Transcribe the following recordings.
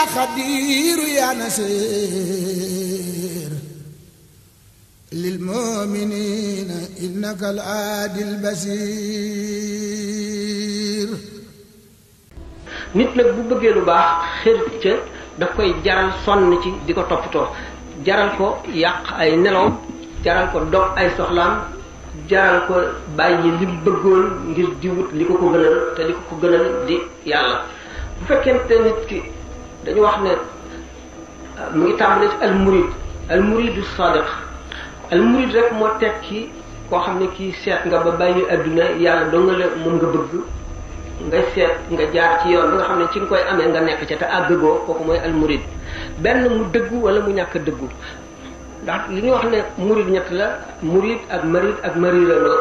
yaa xadiiru yaa nasiir lil nit nag bu bëggee lu baax xër ca daf koy jaral sonn ci di ko toppatoo jaral ko yàq ay nelaw jaral ko dox ay soxlaam jaral ko bàyyi li bëggoon ngir di wut li ko ko gënal te li ko ko gënal di yàlla bu fekkente nit ki dañu wax ne euh, mu ngi tàmbalee ci almurid almuridu sadiq almurid rek moo tekki koo xam ne kii seet nga ba bàyyi adduna yàlla doo nga la moom nga bëgg nga seet nga jaar ci yoon bi nga xam ne ci nga koy amee nga nekk ca te àggagoo kooku mooy almurid benn mu dëggu wala mu ñàkk dëggu ndax li ñuy wax ne murid ñett la murid ak marid ak mariranoo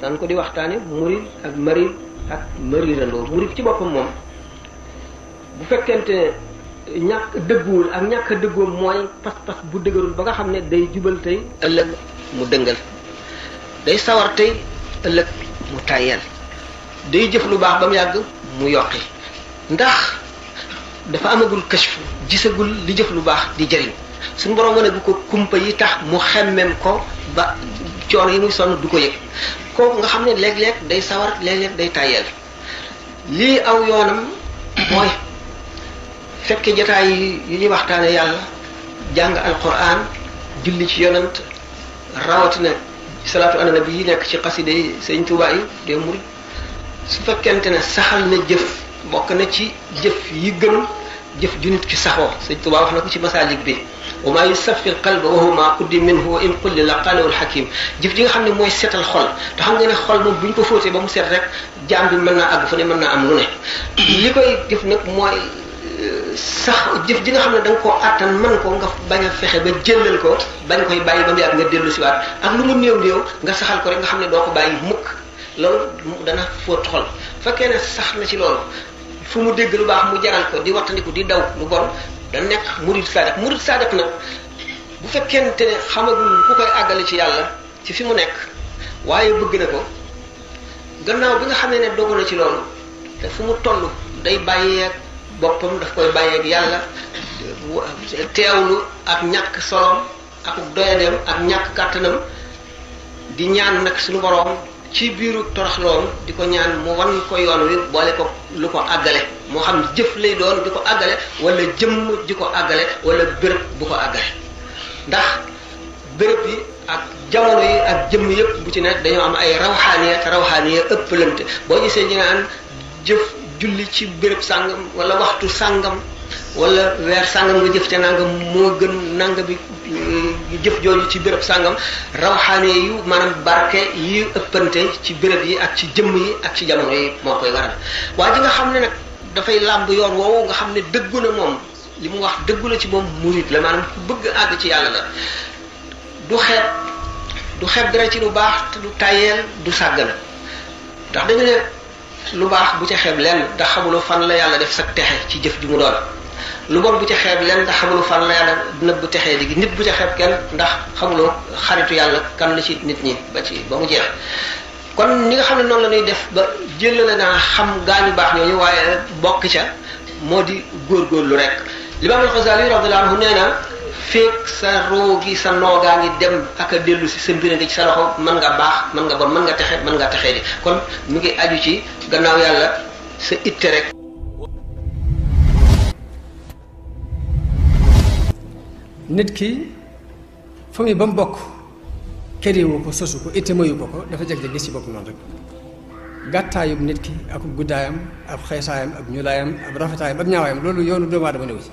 daan ko di waxtaane murid ak marid ak mariranoo murid ci boppam moom bu fekkente ne ñàkk dëgguwul ak ñàkk dëggoom mooy pas-pas bu dëgërul ba nga xam ne day jubal tey ëllëg mu dëngal day sawar tey ëllëg mu tàyyeel day jëf lu baax ba mu yàgg mu yokki ndax dafa amagul kashfu gisagul li jëf lu baax di jëriñ su borom wane gu ko kumpa yi tax mu xemmem ko ba coor yi muy sonn du ko yëg kooku nga xam ne léeg-léeg day sawar léeg-léeg day tàyyeel lii aw yoonam mooy fekke jataay yi yu ñuy waxtaane yàlla jàng alquran julli ci yonant rawatina salaatu ala nabi yi nekk ci xaside yi sëñ Tuubaa yi de murid su fekkente ne saxal na jëf bokk na ci jëf yi gën jëf ju nit ki saxoo sëñ Tuubaa wax na ko ci masaalik bi wa maa yusaffi alqalba wa huwa maa quddi minhu wa in qullila qaalawul hakim jëf ji nga xam ne mooy seetal xol te xam nga ne xol moom bu ñu ko fóotee ba mu set rek jaam bi mën naa àgg fa ne mën naa am lu ne li koy sax jëf ji nga xam ne da ko koo àttan mën ko nga bañ a fexe ba jëlal ko bañ koy bàyyi ba mu yàgg nga dellu si waat ak lu mu néew néew nga saxal ko rek nga xam ne doo ko bàyyi mukk loolu dana fóot xol fekkee ne sax na ci loolu fu mu dégg lu baax mu jaral ko di wattandiku di daw lu bon da nekk murid sadak murid sadak nag bu fekkee ne te xamagul ku koy àggale ci yàlla ci fi mu nekk waaye bëgg na ko gannaaw bi nga xam ne ne dogu na ci loolu te fu mu toll day bàyyeek boppam daf koy bàyyeeg yàlla teewlu ak ñàkk solom ak doyadeem ak ñàkk kàttanam di ñaan nag suñu boroom ci biiru toroxloom di ko ñaan mu wan ko yoon wi boole ko lu ko àggale moo xam jëf lay doon di ko àggale walla jëmm ji ko àggale wala bërëb bu ko àggale ndax béréb yi ak jamono yi ak jëmm yépp bu ci nekk dañoo am ay rawxaaniya te rawxaaniya ëpp lante boo gisee ñu jëf julli ci béréb sàngam wala waxtu sàngam wala weer sàngam nga jëf te nangam moo gën nanga bi eh, jëf jooju ci béréb sàngam rawxaane yu maanaam barke yi ëppante ci béréb yi ak ci jëmm yi ak ci jamono yi moo koy waral waa ji nga xam ne nag dafay làmb yoon woowu nga xam ne dëggu na moom li mu wax dëggu la ci moom murit la maanaam ku bëgg àgg ci yàlla la du xeeb du xeeb dara ci lu baax te du tayeel du sàgg ndax dañu ne lu baax bu ca xeeb lenn ndax xamuloo fan la yàlla def sa texe ci jëf ju mu doon lu bon bu ca xeeb lenn ndax xamuloo fan la yàlla nëbb texee di nit bu ca xeeb kenn ndax xamuloo xaritu yàlla kan la ci nit ñi ba ci ba mu jeex kon ñi nga xam ne noonu la ñuy def ba jëlale naa xam gaañu baax ñooñu waaye bokk ca moo di góor góorgóorlu rek limaam al-Xasaali radiyallahu anhu nee naa feek sa roo gi sa noogaa ngi dem ak a dellu si sa mbir nga ci sa loxo mën nga baax mën nga bon mën nga texe mën nga texee di kon mu ngi aju ci gannaaw yàlla sa itte rek nit ki famille ba mu bokk këriwu ko sosu ko itte mayu ko ko dafa jeg-jeg gis ci bopp noonu rek gàttaayub nit ki ak guddaayam ab xeesaayam ab ñulaayam ab rafetaayam ab ñaawaayam loolu yoonu doomu aadama newu ci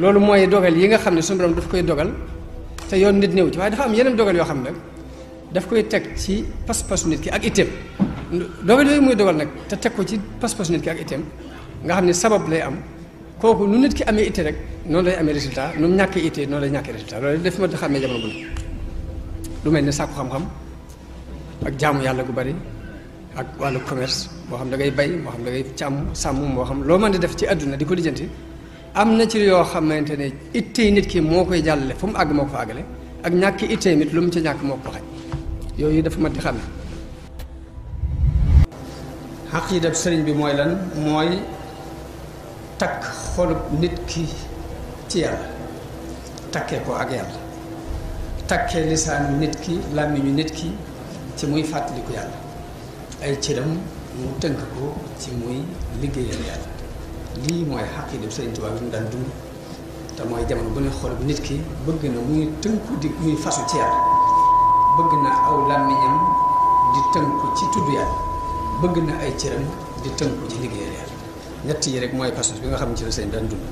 loolu mooy dogal yi nga xam ne suñu borom daf koy dogal te yoon nit néew ci waaye dafa am yeneen dogal yoo xam ne daf koy teg ci pas-pasu nit ki ak itteem dogal yooyu muy dogal nag te teg ko ci pas-pasu nit ki ak itteem nga xam ne sabab lay am kooku nu nit ki amee ité rek noonu lay amee résultat nu mu ñàkkee itte noonu lay ñàkkee résultat loolu def ma xamee jamono bu ne lu mel ne sàkku xam-xam ak jaamu yàlla gu bari ak wàllu commerce moo xam da ngay bay moo xam da ngay càmm sàmm moo xam loo mën di def ci àdduna di ko lijjanti am na ci yoo xamante ne ittey nit ki moo koy jàllale fu mu àgg moo ko fa àggale ak ñàkk ittey mit lu mu ci ñàkk moo ko xaj yooyu dafa mat di xamee. xaqiidab sëriñ bi mooy lan mooy takk xolub nit ki ci yàlla takkee ko ak yàlla takkee lisaanu nit ki làmmiñu nit ki ci muy fàttaliku yàlla ay cëram mu tënk ko ci muy liggéeyal yàlla lii mooy xaq yi dem Sëriñ Tuubaa bi mu daan dund te mooy jamono bu ne xol bu nit ki bëgg na muy tënku di muy fasu ci yàlla bëgg na aw làmmiñam di tënku ci tudd yàlla bëgg na ay cëram di tënku ci liggéeyal yàlla ñett rek mooy pas bi nga xam ne ci la daan dund